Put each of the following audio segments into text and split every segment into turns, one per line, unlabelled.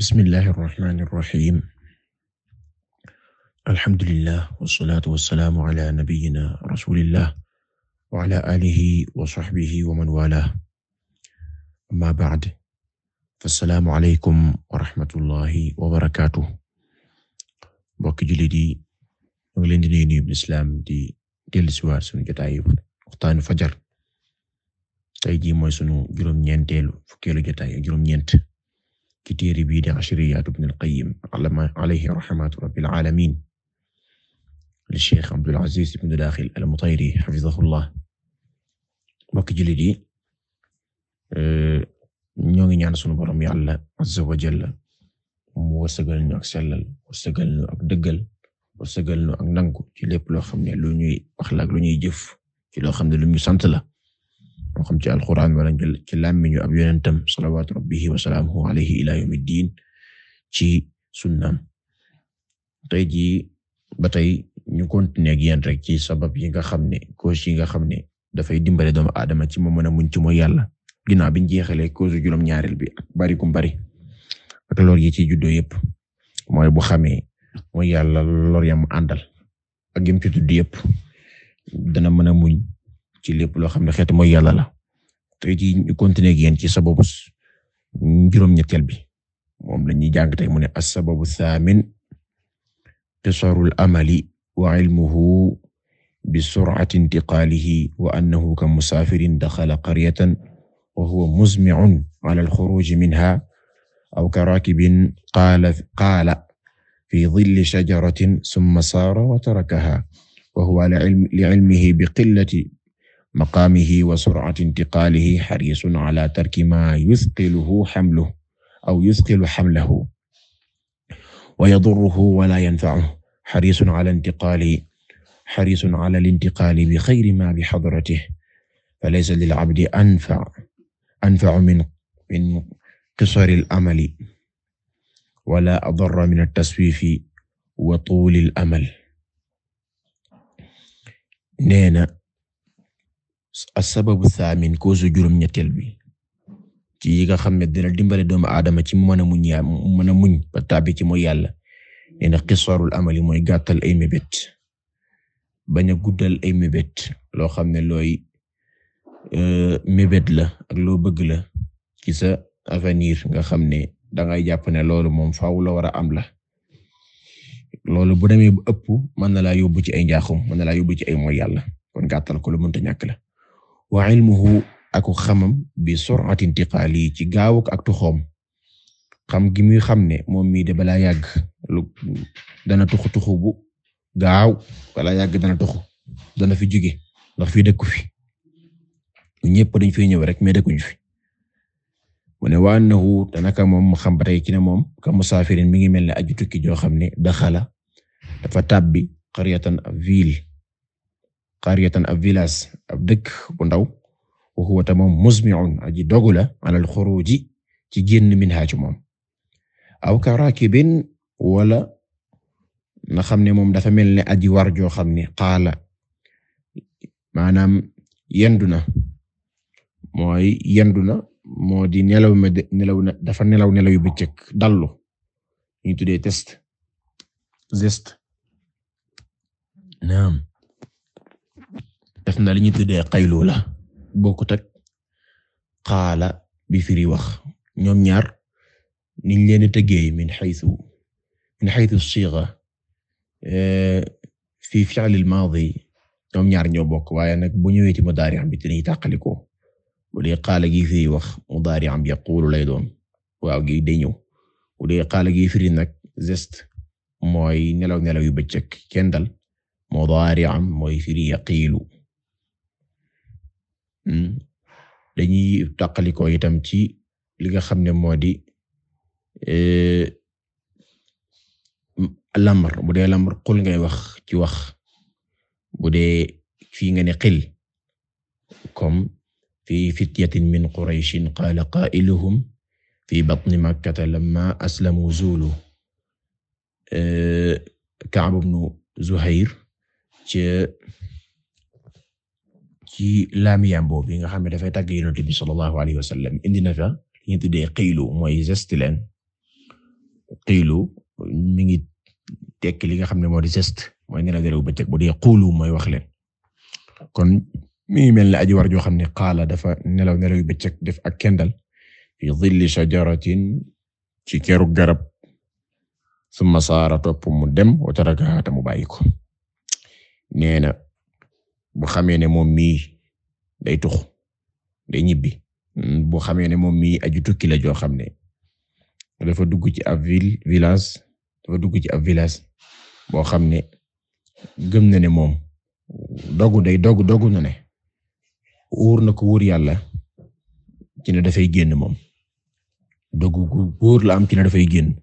Bismillahir rahmanir rahim alhamdulillah wassalatu wassalamu ala nabiyyina rasulillah wa ala alihi wa sahbihi wa man walah amma ba'd fassalamu alaykum wa rahmatullahi wa barakatuh mbokki jullit yi ñu ngi leen di nuyu bu Islaam di dellusiwaat sunu jotaay waxtaanu fajar tey jii mooy sunu juróom-ñeenteelu fukkeelu jotaay juróom-ñeent ci téere bii di Ashriyaat Ibn al-Qayyim alayhi rahmatu rabbil li Cheikh Abdul Aziz Ibn Daaxil al-Mutayri hafizahullah mbokk jullit ñoo ngi ñaan sunu borom Yàlla azza wa jalla mu wërsëgal ñu ak sellal wërsëgal ñu ak dëggal wërsëgal ñu ak nangu ci lépp loo xam lu ñuy wax la ak ci loo xam lu ñu moo xam ci alquran wala ci làmmiñu ab yonentam salawaatu rabbihi wa salaamuhu alayhi ila yawmiddin ci sunnaam tey jii ba tey ñu continuer ak yéen rek ci sabab yi nga xam ne ko yi nga xam ne dafay dimbale doomu adama ci mu mën muñ ci mooy yàlla ginnaaw biñ jeexalee cause juróom ñaareel bi ak bari kum bari ak lor yi ci juddoo yëpp mooy bu xamee mooy yàlla lor yam àndal ak yim ci tudd yëpp dana mën muñ ci lépp loo xam ne xeetu mooy yàlla la tey jii ñu continuer ak yéen ci sababu juróom-ñetteel bi moom la ñuy jàng tey mu ne as-sababu thaamin qisarul amali wa ilmuhu bi sur'ati intiqaalihi wa annahu ka musaafirin daxala qaryatan wa huwa muzmi'un ala al-xuruuji minha aw ka raakibin qaala qaala fi dilli shajaratin summa saara wa tarakaha wa huwa li ilmihi bi qillati maqaamihi wa sur'ati intiqaalihi hariisun ala tarki maa yusqiluhu hamluhu aw yusqilu hamlahu wa yadurruhu wa laa yanfa'uhu hariisun ala intiqaali hariisun ala al-intiqaali bi khayri maa bi hadratihi falaysa lil-'abdi anfa'u anfa'u min min qisari al-amali wa laa adarra min at-taswiifi wa tuuli al-amal neena as-sababu thamin cause juróom-ñetteel bi ci yi nga xam ne dina dimbale doomu aadama ci mën a muñ yaa mën a muñ ba tàbbi ci mooy yàlla nee na qisarul mooy gàttal ay mébét bañ a ay mébét loo xam ne looy euh, mébét la ak loo bëgg la ci sa avenir nga xam ne dangay jàpp ne loolu moom faaw la war a am la loolu bu demee bu ëpp mën na laa yóbbu ci ay njaaxum mën na laa yóbbu ci ay mooy yàlla kon gàttal ko lu mënta ñàkk la wa ilmuhu aku xamam bi sur'ati intiqali ci gaawuk ak tuxoom xam gi muy xam ne moom mii de balaa yàgg lu dana tuxu tuxu bu gaaw balaa yàgg dana tuxu dana fi jóge ndax fii dëkku fi ñëpp dañ fi ñëw rek mais dëkkuñu fi mu ne wa annahu tanaka moom xam ba tey ci ne moom ka musaafirin mi ngi mel ne aju tukki joo xam ne daxala dafa bi tàbbi qaryatan ville qaryatan ab village ab dëkk bu ndaw wa huwa ta moom musmi'un aji dogu la ala ci génn minha ci moom aw ka raakibin wala na xam ne moom dafa mel ne aji war joo xam ne qaala maanaam yendu na mooy yendu na moo di nelaw ma na dafa nelaw nelaw yu bëccëg dallu ñu tuddee test zeste naam def na li ñu tuddee xaylu la bokkut bi firi wax ñoom ñaar niñ leen di tëggee min xaytu min xaytu siga eh, fi fi'l al ñoom ñaar ñoo bokk waaye nag bu ñëwee ci mudaari am bi te ñuy tàqalikoo bu dee xaala gi firi wax mudaari am yaquulu lay doon waaw gi day ñëw dee xaala gi firi nag geste mooy nelaw nelaw yu bëccëg kendal mudaari am mooy firi yaqiilu Hmm. dañuy tàqalikoo itam ci li nga xam ne moo di eh, lamr bu dee lamr xul ngay wax ci wax bu dee fii nga ne xil comme fi fityatin min qurayshin qaala qaa'iluhum fi batni makkata lamma aslamu zulu eh, Ka'b ibn Zuhayr ci ci laamiyam nga xam ne dafay tàgg Yonent bi sallallahu alayhi wa sallam indi na fa li ñu tuddee qiilu mooy geste leen qiilu mi ngi tekki li nga xam ne moo di geste mooy nelaw derew bëccëg bu dee quulu mooy wax leen kon mi ngi mel ne aji war joo xam ne qaala dafa nelaw nelaw bëccëg def ak kendal fi dhilli shajaratin ci keru garab summa saara topp mu dem wa tarakaha mu bàyyi ko bu xamee ne moom mii day tux day ñibbi mm, bu xamee ne moom mii aju tukki la joo xam ne dafa dugg ci ab ville village dafa dugg ci ab village boo xam ne gëm na ne moom dogu day dogu dogu na ne wóor na ko wóor yàlla ci ne dafay génn moom dogu gu wóor la am ci ne dafay génn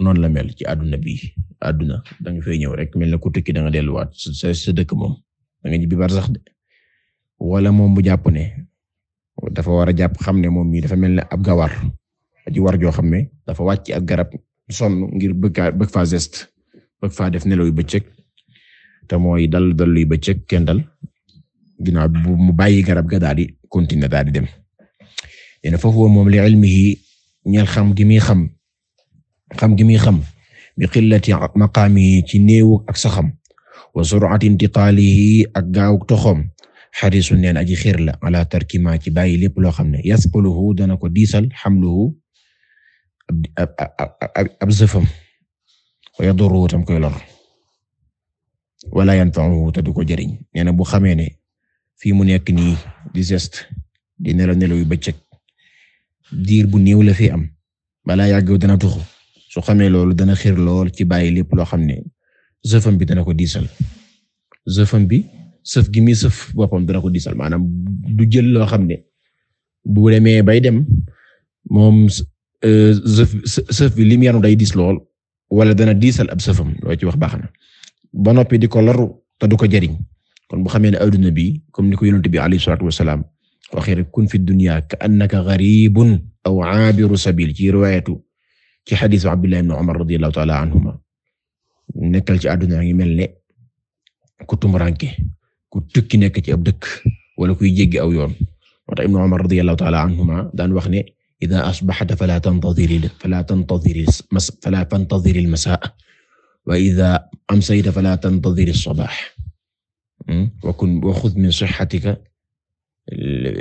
noonu la mel ci àdduna bi àdduna da nga fay ñëw rek mel na ku tukki da delluwaat sa dëkk moom da nga ñibbi bar sax de wala moom bu jàpp ne dafa war a jàpp xam ne moom mii dafa mel ne ab gawar aji war joo xam ne dafa wàcc ab garab son ngir bëgg bëgg faa bëgg faa def nelaw yu bëccëg te mooy dal dal yu bëccëg kendal dal bu mu bàyyi garab ga daal di continuer daal di dem. yéen foofu moom li ilmihi ñeel xam gi muy xam. xam gimi muy xam bi qillati maqaamihi ci new ak saxam wa sur'ati intiqaalihi ak gaaw toxom xarisu neen aji xir ala tarkima ci bàyyi lépp loo xam ne yasquluhu dana ko diisal xamluhu ab zëfam wa yadurruhu tam koy lor wala yanfa'uhu te du ko jëriñ bu xamee ne fii mu nekk nii di geste di nelaw nelaw yu bëccëg diir bu néew la fi am balaa yàgg dana su xamee loolu dana xiir lool ci bàyyi lépp loo xam ne sëfam bi dana ko diisal sëfam bi sëf gi muy sëf boppam dana ko diisal maanaam du jël loo xam ne bu demee bay dem moom euh, sëf sëf bi lim yanu day diis lool wala dana diisal ab sëfam loo ci wax baax na ba noppi di ko loru te du ko jariñ kon bu xamee ne adduna bi comme ni ko yonent bi alayhi salaatu wassalaam waxee rek kun fi dunya ka annaka gharibun aw abiru sabil ci riwaayatu ci xadiisu Abdullah ibn Umar radiyallahu ta'ala anhuma nekkal ci àdduna ngi mel ne ku tumuranke ku tukki nekk ci ab dëkk wala kuy jéggi aw yoon moo tax ibn Umar radiyallahu ta'ala anhuma daan wax ne idha asbahta fala tantadhiri fala tantadhiri fala tantadhiri al-masaa wa idha amsayta fala tantadhiri as-sabah hmm? wa kun wa khudh min sihhatika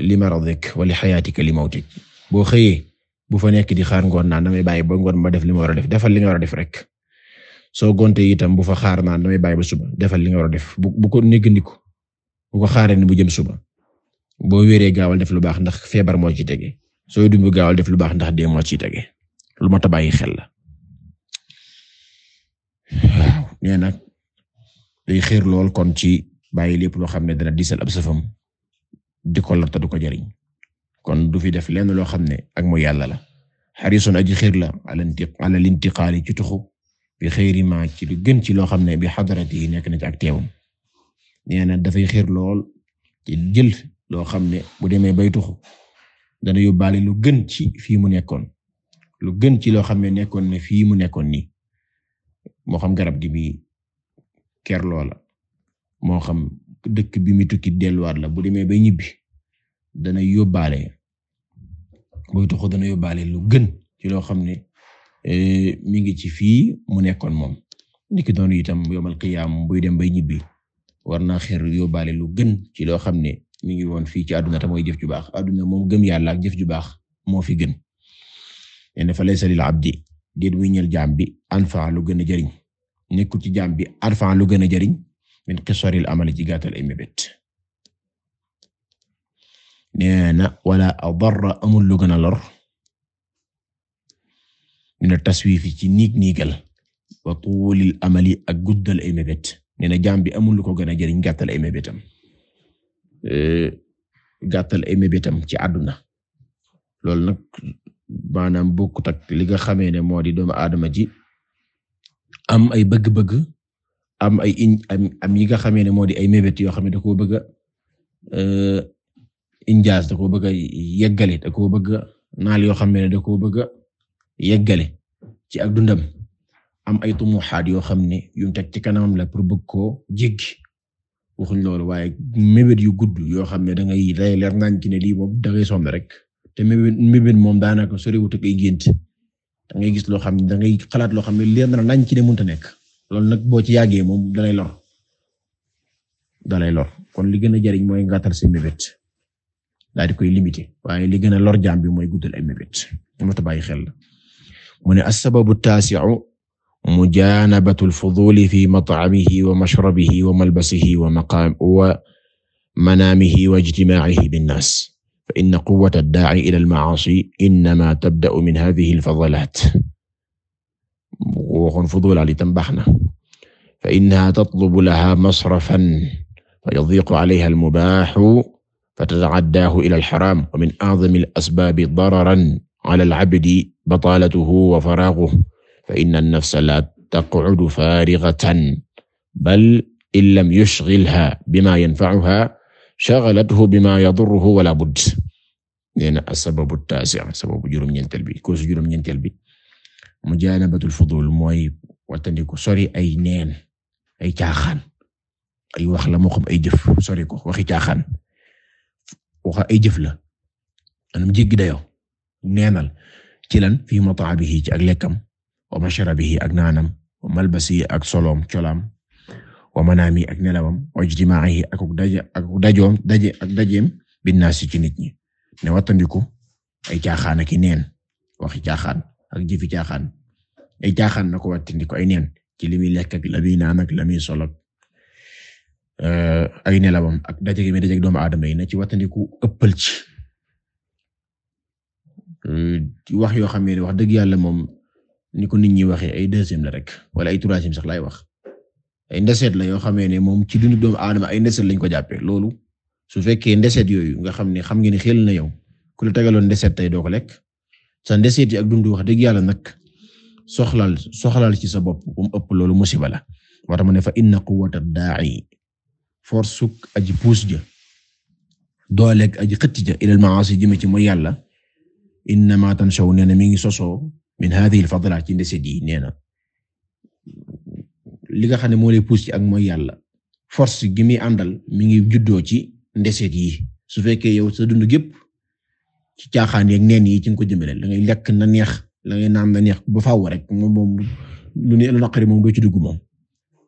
li maradik wa li hayatika li mawtik boo xëyee bu fa nekk di xaar ngoon naan damay bàyyi ba ngoon ma def li ma war a def defal li nga war a def rek soo gonte itam bu fa xaar naan damay bàyyi ba suba defal li nga war a def bu bu ko néggandiku bu ko xaaree ni bu jëm suba boo wéree gaawal def lu baax ndax feebar moo ci tege soo dumbu gaawal def lu baax ndax dee moo ci tege lu mat a bàyyi xel la waaw nee nag day xiir lool kon ci bàyyi lépp loo xam ne dana diisal ab safam di ko lor te du ko jariñ kon du fi def lenn loo xam ne ak mu yàlla la xarisun aji xiir la ala lintiqaali ci tuxu bi xëyri ma ci lu gën ci loo xam ne bi xadarati yi nekk na ci ak teewam nee na dafay xiir lool ci jël loo xam ne bu demee bay tuxu dana yóbbaale lu gën ci fii mu nekkoon lu gën ci loo xam ne nekkoon ne fii mu nekkoon nii moo xam garab gi bi ker loola moo xam dëkk bi mu tukki delluwaat la bu demee bay ñibbi dana yóbbaale moytu ko dana yóbbaale lu gën ci loo xam ne eh, mi ngi ci fii mu nekkoon moom niki doonu itam yawmal qiyaam buy dem mbay ñibbi war naa xeer yóbbaale lu gën ci loo xam ne mi ngi woon fii ci àdduna te mooy jëf ju baax àdduna moom gëm yàlla jëf ju baax moo fi gën en fa laysa lil abdi déet muy ñel jaam bi anfa lu gën a jariñ nekku ci jaam bi anfa lu gën a jariñ min qisaril amali ci gàttal ay neena wala adarra amul lu gën a lor mina taswifi ci niig niigal wa tuulil amali ak guddal ay mébét neena jaam bi amul lu ko gën a jëriñ gàttal ay mébétam gàttal ay mébétam ci àdduna loolu nag maanaam bokkut ak li nga xamee ne moo di doomu aadama ji am ay bëgg-bëgg am ay am am yi nga xamee ne moo di ay mébét yoo xam ne da koo bëgg a injaas da koo bëgg a yeggale da koo bëgg a naal yoo xam ne da koo bëgg a yeggale ci ak dundam am ay tumuxaat yoo xam ne yu mu teg ci kanam la pour bëgg ko jéggi waxuñ lool waaye mébét yu gudd yoo xam ne da ngay day leer nañ ci ne lii moom da ngay sonn rek te mébét mébét moom daanaka soriwut ak gént da ngay gis loo xam ne dangay xalaat loo xam ne leer na nañ ci ne mun a nekk loolu nag boo ci yàggee moom dalay lor dalay lor kon li gën jariñ mooy ngàttal sa mébét. daal di koy limité waaye li gën a lor jaam bi mooy guddal ay mébét moo tax bàyyi xel mu ne as-sababu taasi'u mujaanabatu al-fuduuli fi mat'amihi wa mashrabihi wa malbasihi wa maqaamihi wa manaamihi wa ijtimaa'ihi bin-naas fa inna quwwata ad-daa'i ila al-ma'aasi innamaa tabda'u min haadhihi al-fadalaat waxoon fudulaal itam baax na fa innahaa tatlubu lahaa masrafan fa yadiiqu alayhaa al-mubaahu فتتعداه إلى الحرام ومن أعظم الأسباب ضررا على العبد بطالته وفراغه فإن النفس لا تقعد فارغة بل إن لم يشغلها بما ينفعها شغلته بما يضره ولا بد nee na sababu taasi'a sababu juróom-ñeenteel bi ko su juróom-ñeenteel bi mujaanabatul fudul mooy wattandiku sori ay neen ay caaxaan ay wax la moo xam ay jëf sori ko waxi caaxaan waxa ay jëf la anam jéggi dayo neenal ci lan fi mataabihi ci ak lekkam wa mashrabihi ak naanam wa malbasi ak solom colaam wa manaami ak nelawam wa ijtimaahi ak daje ak dajoom daje ak dajeem binnaasi ci nit ñi ne wattandiku ay caaxaan ak i neen waxi caaxaan ak jëfi caaxaan ay caaxaan na ko wattandiku ay neen ci li muy lekk ak la muy naan ak la muy sol Euh, ay nelawam ak daje gi muy daje doomu adama yi na ci wattandiku ëppal ci euh, wax yoo xam ne wax dëgg yàlla moom ni ko nit ñi waxee ay deuxième la rek wala ay troisième sax laay wax ay ndeseet la yoo xamee ne moom ci dundu doomu aadama ay ndeseet lañ ko jàppee loolu su fekkee ndeseet yooyu nga xam ne xam ngeen ne xel na yow ku la tegaloon ndeseet tey doo ko lekk sa ndeseet yi ak dund wax dëgg yàlla nag soxlaal soxlaal ci sa bopp ëpp loolu musiba la force su aji puus ja dooleeg aji xëtti ja ilal maasi jëme ci mooy yàlla innama tanshaw nee na mi ngi sosoo min hadhihi al ci ndese yi nee na li nga xam ne moo lay puus ci ak mooy yàlla force gi muy àndal mi ngi juddoo ci ndeseet yi su fekkee yow sa dund gépp ci caaxaan yeeg neen yi ci nga ko jëmale da ngay lekk na neex la ngay naan na neex ba faaw rek moom moom lu ne lu doo ci dugg moom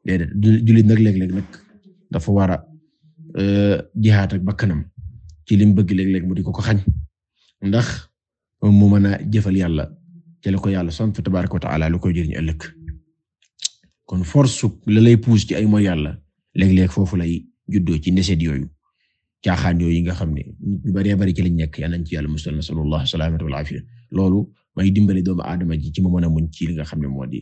déedéet jullit nag léeg-léeg nag dafa war a euh, jihaat ak bakkanam ci lim bëgg léeg-léeg mu di ko ko xañ ndax mu mën a jëfal yàlla ci la ko yàlla sant tabaaraka wa ta'ala lu koy jëriñ ëllëg kon force su la lay pousse ci ay mooy yàlla léeg-léeg foofu lay juddoo ci ndeset yooyu caaxaan yooyu nga xam ne ñu bari bari ci lañ nekk yal ci yàlla mu nasallallahu salaamata wal afiya loolu may dimbali doomu aadama ji ci mu mën a ci li nga xam ne moo di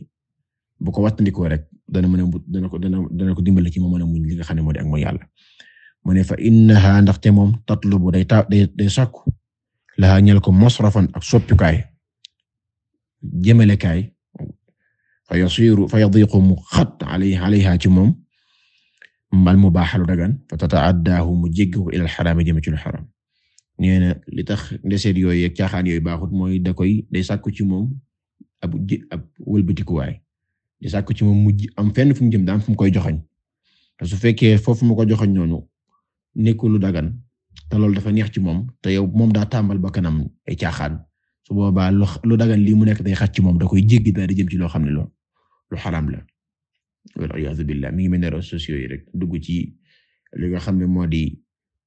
bu ko wattandikoo rek dana mën a dana ko dana dana ko dimbali ci mu mën a muñ li nga xam ne moo di ak ne fa innaha ndaxte moom tatlubu day ta day day sàkku laha ñel ko masrafan ak soppukaay jëmalekaay fa yasiru fa yadiqu mu xat alayha alayha ci moom mbal mu baaxalu dagan fa tata'addaahu mu jéggiku ilal xaraam jëm ci lu xaraam nee li tax ndeseet yooyu ak caaxaan yooyu baaxut mooy da koy day sàkku ci moom ab di ci moom mujj am fenn fu mu jëm daan fu mu koy joxoñ te su fekkee foofu mu ko joxoñ noonu nekkul lu dagan te loolu dafa neex ci moom te yow moom daa tàmbal ba kanam ay caaxaan su boobaa lu dagan lii mu nekk day xat ci moom da koy jéggi daal di jëm ci loo xam ne lu lu xaraam la wal iyaazu billah mi ngi mel ne réseaux sociaux rek dugg ci li nga xam ne moo di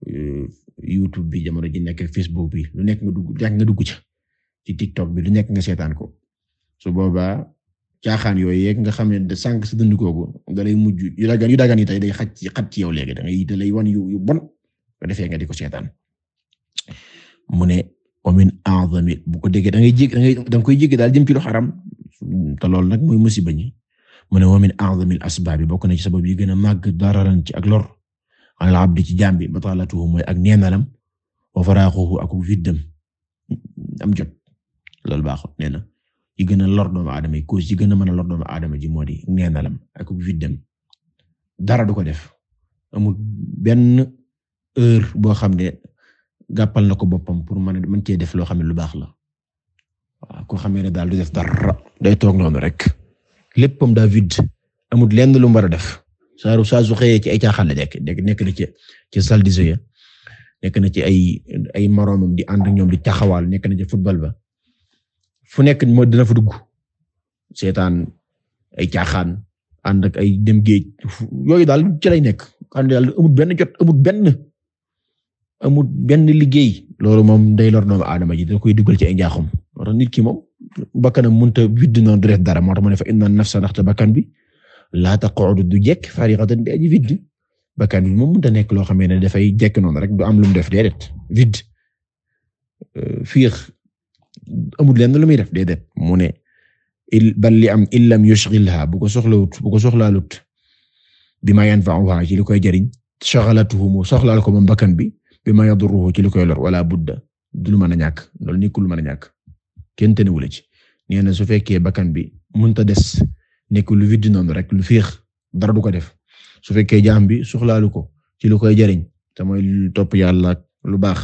euh, YouTube bi jamono ji nekk Facebook bi lu nekk nga dugg nga ca ci TikTok bi lu nekk nga seetaan ko su boobaa caaxaan yooyu yeeg nga xam ne sànq sa dund googu da lay mujj yu dagan yu ci xat ci yow da ngay da lay wan yu yu bon ko defee nga di seetaan mu ne omin a'zami bu ko déggee da ngay jéggi da da koy jéggi daal jëm ci lu xaram te loolu nag mooy musiba ñi mu ne omin a'zami al-asbaab bokk na ci sabab yi gën a màgg dararan ci ak lor ala abdi ci jaam bi batalatuhu mooy ak neenalam wa faraaxuhu ak viddam am jot loolu baaxul nee na yi gën a lor doomu aadama yi cause yi gën a mën adama lor doomu aadama ji moo di neenalam ak widdam dara du ko def amul benn heure boo xam ne gàppal na ko boppam pour mën a mën cee def loo xam ne lu baax la waaw koo xamee ne daal du def dara day toog noonu rek léppam daal vide amul lenn lu mu a def saaru saa su xëyee ci ay caaxaan la nekk nekk na ci ci salle de nekk na ci ay ay moroomam di ànd ak ñoom di taxawaal nekk na ci football ba. fu nekk moo dina fa dugg seetaan ay caaxaan ànd ak ay dem géej yooyu daal ci nekk ànd daal amut benn jot amut benn amut benn liggéey loolu moom day lor doomu aadama ji da koy duggal ci ay njaaxum moo ki moom bakkanam mënta widd noonu du def dara moo tax mu ne fa inna nafsa ndaxte bakkan bi laa taqudu du jekk fariqatan bi aji vidd bakkan bi moom mënta nekk loo xamee ne dafay jekk noonu rek du am lu mu def déedéet vide fiix amul lenn lu muy def déedéet mu ne bal li am in lam yushghilha bu ko soxlawut bu ko soxlaalut bima yanfa'uha ci li koy jariñ shaghalatuhu mu soxlaal ko moom bakkan bi bi ma bima yadurruhu ci li koy lor wala budda du lu mën a ñàkk loolu nekkul lu mën a ñàkk kenn tënewul ci nee na su fekkee bakkan bi mun mënta des nekk lu vide noonu rek lu fiix dara du ko def su fekkee jaam bi soxlaalu ko ci lu koy jariñ te mooy topp yàlla lu baax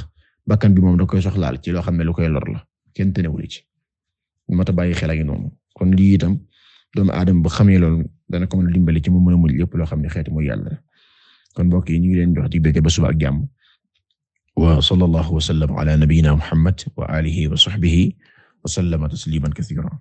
bakkan bi moom da koy soxlaal ci loo xam ne lu koy lor la kenn tënewul ci moo tax bàyyi xel a ngi noonu kon lii doom doomu aadama bu xamee loolu dana ko mën a dimbali ci mu mën a mujj loo xam ne xeeti mooy yàlla kon mbokk yi ñu ngi leen jox dig daje ba suba ak jàmm wa sallallahu wa sallam ala nabiyyina muhammad wa alihi wa sahbihi wa sallama tasliman kathira